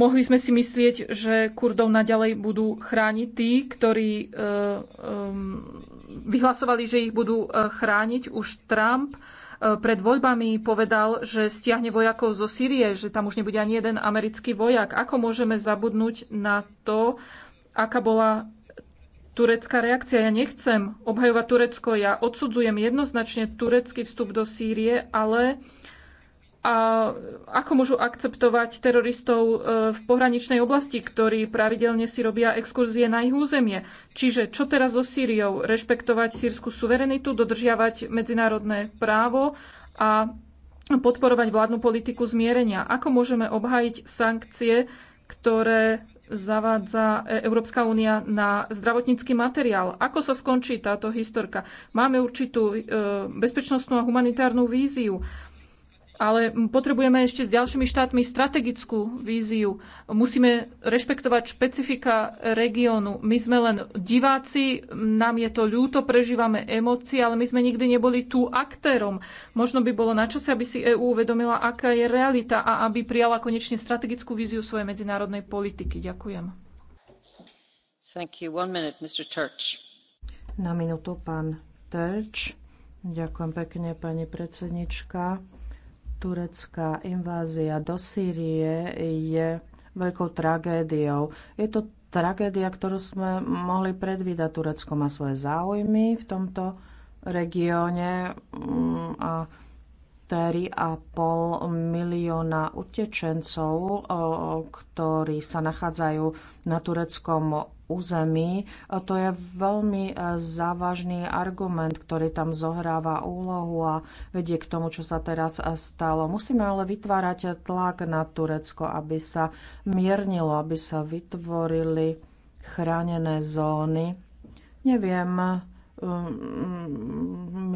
mohli sme si myslieť, že Kurdov naďalej budú chrániť tí, ktorí e, e, vyhlasovali, že ich budú e, chrániť. Už Trump pred voľbami povedal, že stiahne vojakov zo Sýrie, že tam už nebude ani jeden americký vojak. Ako môžeme zabudnúť na to, aká bola turecká reakcia. Ja nechcem obhajovať Turecko, ja odsudzujem jednoznačne turecký vstup do Sýrie, ale a ako môžu akceptovať teroristov e, v pohraničnej oblasti, ktorí pravidelne si robia exkurzie na ich územie. Čiže čo teraz so Sýriou? Rešpektovať sírsku suverenitu, dodržiavať medzinárodné právo a podporovať vládnu politiku zmierenia. Ako môžeme obhájiť sankcie, ktoré zavádza e, Európska únia na zdravotnícky materiál. Ako sa skončí táto historka? Máme určitú e, bezpečnostnú a humanitárnu víziu ale potrebujeme ešte s ďalšími štátmi strategickú víziu. Musíme rešpektovať špecifika regiónu. My sme len diváci, nám je to ľúto, prežívame emócie, ale my sme nikdy neboli tu aktérom. Možno by bolo na čase, aby si EÚ uvedomila, aká je realita a aby prijala konečne strategickú víziu svojej medzinárodnej politiky. Ďakujem. Thank you. One minute, Mr. Church. Na minútu pán Terč. Ďakujem pekne, pani predsednička. Turecká invázia do Sýrie je veľkou tragédiou. Je to tragédia, ktorú sme mohli predvídať. Turecko má svoje záujmy v tomto regióne mm, a 3,5 milióna utečencov, ktorí sa nachádzajú na tureckom území. To je veľmi e, závažný argument, ktorý tam zohráva úlohu a vedie k tomu, čo sa teraz e, stalo. Musíme ale vytvárať tlak na Turecko, aby sa miernilo, aby sa vytvorili chránené zóny. Neviem, e,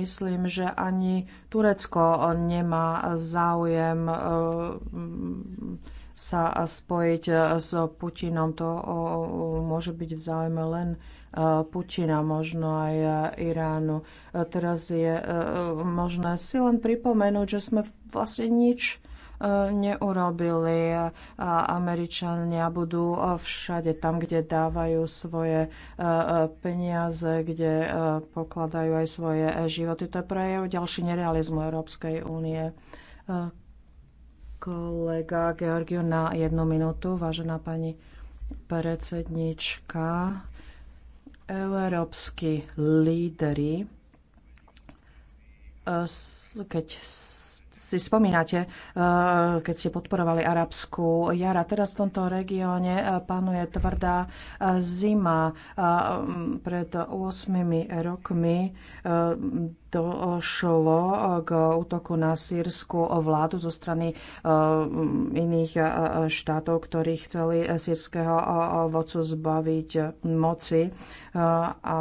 myslím, že ani Turecko nemá záujem sa spojiť eh, s Putinom. To môže byť v záujme len eh, Putina, možno aj eh, Iránu. Teraz je možné si len pripomenúť, že sme vlastne nič neurobili. Američania budú všade tam, kde dávajú svoje peniaze, kde pokladajú aj svoje životy. To je prejav ďalší nerealizmu Európskej únie kolega Georgiu na jednu minútu. Vážená pani predsednička, európsky lídery. Eh, keď si spomínate, eh, keď ste podporovali arabskú jara. Teraz v tomto regióne eh, panuje tvrdá zima. Pred 8 rokmi došlo eh, k útoku na sírsku vládu zo strany eh, iných eh, štátov, ktorí chceli sírskeho vodcu zbaviť moci a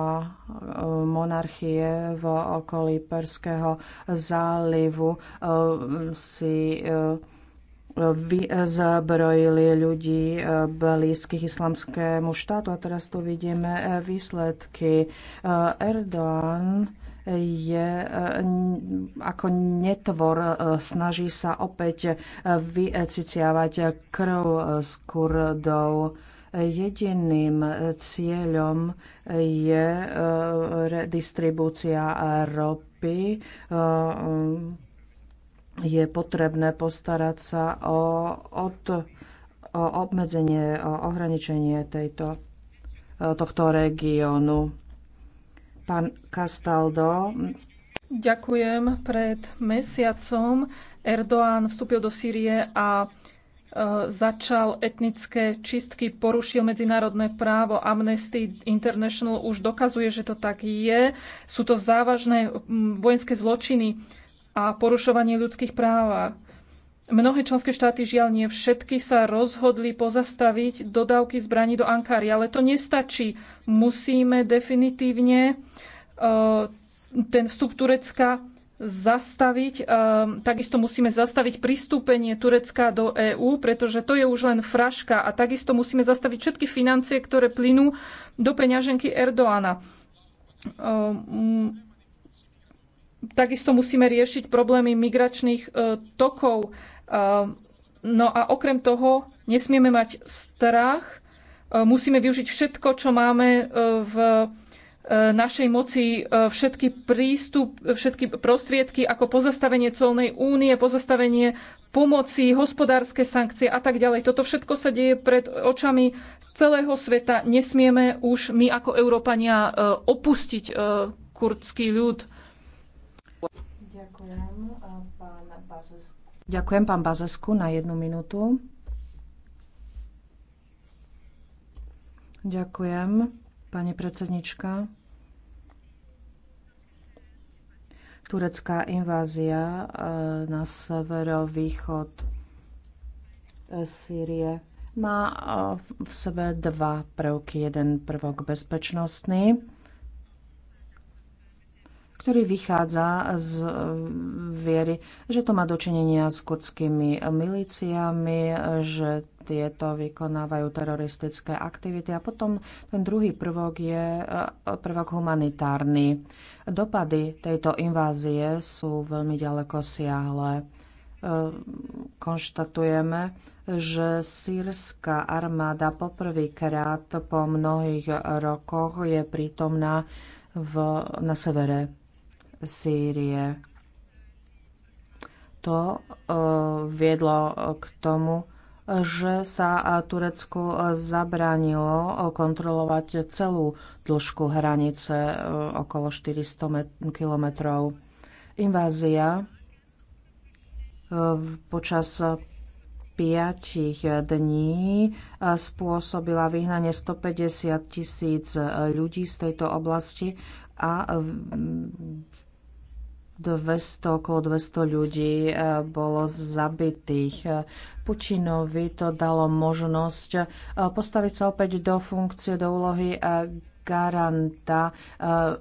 monarchie v okolí Perského zálivu si vyzbrojili ľudí blízkych islamskému štátu. A teraz tu vidíme výsledky. Erdoğan je eh, ako netvor, eh, snaží sa opäť eh, vyciciavať krv z Kurdov. Jediným cieľom je redistribúcia ropy je potrebné postarať sa o, od, o obmedzenie, o ohraničenie tejto, tohto regiónu. Pán Castaldo. Ďakujem. Pred mesiacom Erdoğan vstúpil do Sýrie a e, začal etnické čistky, porušil medzinárodné právo. Amnesty International už dokazuje, že to tak je. Sú to závažné vojenské zločiny a porušovanie ľudských práv. Mnohé členské štáty, žiaľ nie všetky, sa rozhodli pozastaviť dodávky zbraní do Ankary, ale to nestačí. Musíme definitívne e, ten vstup Turecka zastaviť. E, takisto musíme zastaviť pristúpenie Turecka do EÚ, pretože to je už len fraška. A takisto musíme zastaviť všetky financie, ktoré plynú do peňaženky Erdoána. E, takisto musíme riešiť problémy migračných tokov. Ehm, no a okrem toho nesmieme mať strach, ehm, musíme využiť všetko, čo máme ehm, v našej moci všetky prístup, všetky prostriedky ako pozastavenie colnej únie, pozastavenie pomoci, hospodárske sankcie a tak ďalej. Toto všetko sa deje pred očami celého sveta. Nesmieme už my ako Európania opustiť kurdský ľud. Ďakujem. Pán Bazes Ďakujem pán Bazesku na jednu minútu. Ďakujem, pani predsednička. Turecká invázia eh, na severovýchod eh, Sýrie má eh, v sebe dva prvky. Jeden prvok bezpečnostný, ktorý vychádza z e, viery, že to má dočinenia s kurdskými milíciami, že tieto vykonávajú teroristické aktivity. A potom ten druhý prvok je e, prvok humanitárny. Dopady tejto invázie sú veľmi ďaleko siahle. E, konštatujeme, že sírska armáda poprvýkrát po mnohých rokoch je prítomná v, na severe Sýrie. To e, viedlo k tomu, že sa e, Turecku e, zabránilo kontrolovať celú dĺžku hranice okolo 400 kilometrov. Invázia počas piatich dní spôsobila vyhnanie 150 tisíc ľudí z tejto oblasti a 200, okolo 200 ľudí eh, bolo zabitých. Pučinovi to dalo možnosť eh, postaviť sa opäť do funkcie, do úlohy eh, garanta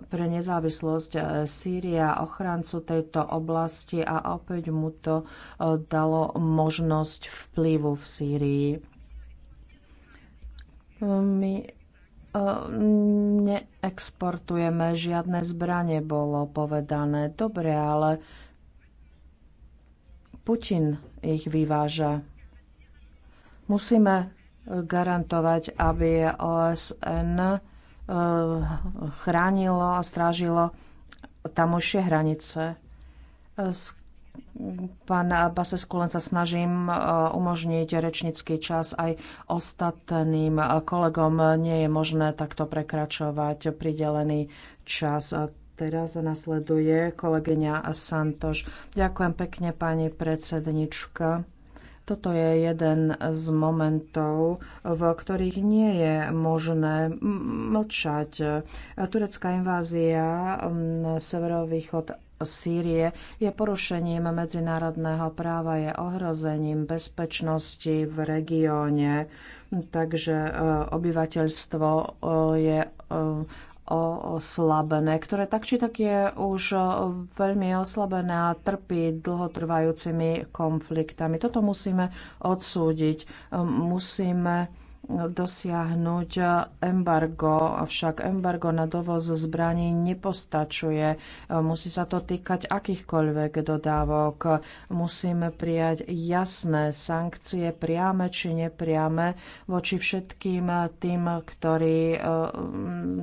pre nezávislosť Sýria, ochrancu tejto oblasti a opäť mu to dalo možnosť vplyvu v Sýrii. My Ehm, neexportujeme žiadne zbranie, bolo povedané. Dobre, ale Putin ich vyváža. Musíme garantovať, aby OSN eh, chránilo a strážilo tamošie hranice. Eh, Pán Basesku, len sa snažím e, umožniť rečnícky čas aj ostatným kolegom. Nie je možné takto prekračovať pridelený čas. Teraz nasleduje kolegyňa Santoš. Ďakujem pekne, pani predsednička. Toto je jeden z momentov, v ktorých nie je možné mlčať. Turecká invázia na severovýchod Sýrie je porušením medzinárodného práva, je ohrozením bezpečnosti v regióne, takže e, obyvateľstvo e, je e, oslabené, ktoré tak či tak je už veľmi oslabené a trpí dlhotrvajúcimi konfliktami. Toto musíme odsúdiť. Musíme dosiahnuť embargo, avšak embargo na dovoz zbraní nepostačuje. Musí sa to týkať akýchkoľvek dodávok. Musíme prijať jasné sankcie, priame či nepriame, voči všetkým tým, ktorí eh,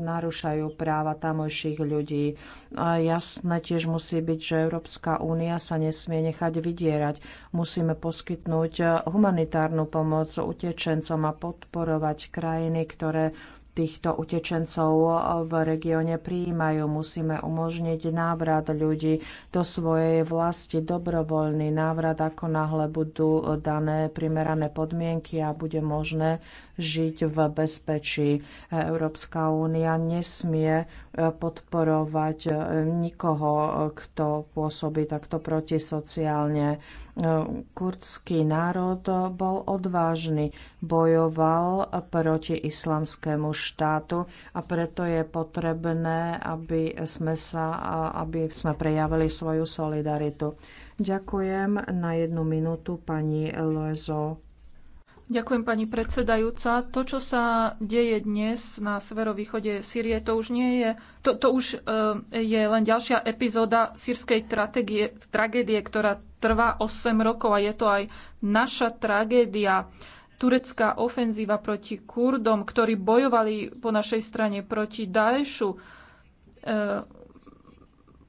narúšajú práva tamojších ľudí. Jasné tiež musí byť, že Európska únia sa nesmie nechať vydierať. Musíme poskytnúť humanitárnu pomoc utečencom a podporu podporovať krajiny, ktoré týchto utečencov v regióne prijímajú. Musíme umožniť návrat ľudí do svojej vlasti, dobrovoľný návrat, ako náhle budú dané primerané podmienky a bude možné žiť v bezpečí. Európska únia nesmie e, podporovať e, nikoho, e, kto pôsobí takto protisociálne. Kurdský národ bol odvážny, bojoval proti islamskému štátu a preto je potrebné, aby sme, sa, aby sme prejavili svoju solidaritu. Ďakujem na jednu minútu pani Loezo. Ďakujem, pani predsedajúca. To, čo sa deje dnes na severovýchode Sýrie, to už nie je, to, to už eh, je len ďalšia epizóda sírskej tragédie, ktorá trvá 8 rokov a je to aj naša tragédia. Turecká ofenzíva proti Kurdom, ktorí bojovali po našej strane proti Daešu. Eh,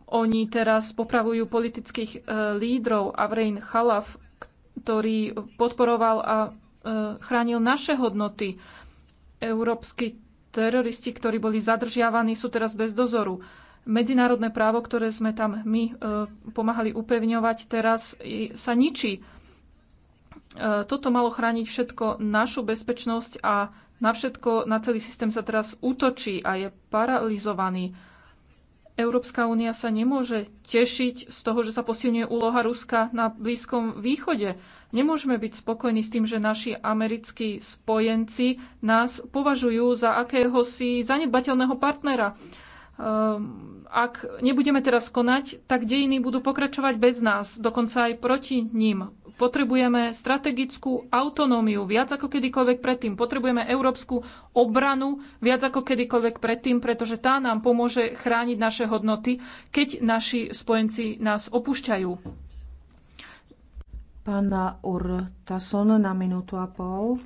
oni teraz popravujú politických eh, lídrov Avrein Khalaf, ktorý podporoval a E, chránil naše hodnoty. Európsky teroristi, ktorí boli zadržiavaní, sú teraz bez dozoru. Medzinárodné právo, ktoré sme tam my e, pomáhali upevňovať, teraz sa ničí. E, toto malo chrániť všetko našu bezpečnosť a na všetko, na celý systém sa teraz útočí a je paralizovaný. Európska únia sa nemôže tešiť z toho, že sa posilňuje úloha Ruska na Blízkom východe Nemôžeme byť spokojní s tým, že naši americkí spojenci nás považujú za akéhosi zanedbateľného partnera. Ehm, ak nebudeme teraz konať, tak dejiny budú pokračovať bez nás, dokonca aj proti ním. Potrebujeme strategickú autonómiu viac ako kedykoľvek predtým. Potrebujeme európsku obranu viac ako kedykoľvek predtým, pretože tá nám pomôže chrániť naše hodnoty, keď naši spojenci nás opúšťajú pána Urtason na minútu a pol.